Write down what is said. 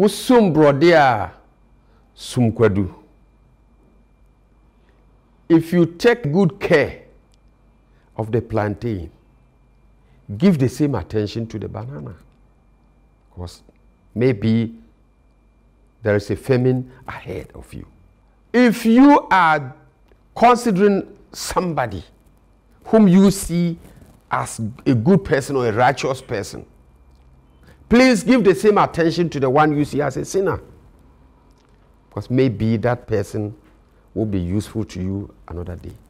wosum borɔdeɛ sum kwedu. if you take good care of the plantain give the same attention to the banana because maybe there is a famine ahead of you if you are considering somebody whom you see as a good person or a righteous person Please give the same attention to the one you see as a sinner. Because maybe that person will be useful to you another day.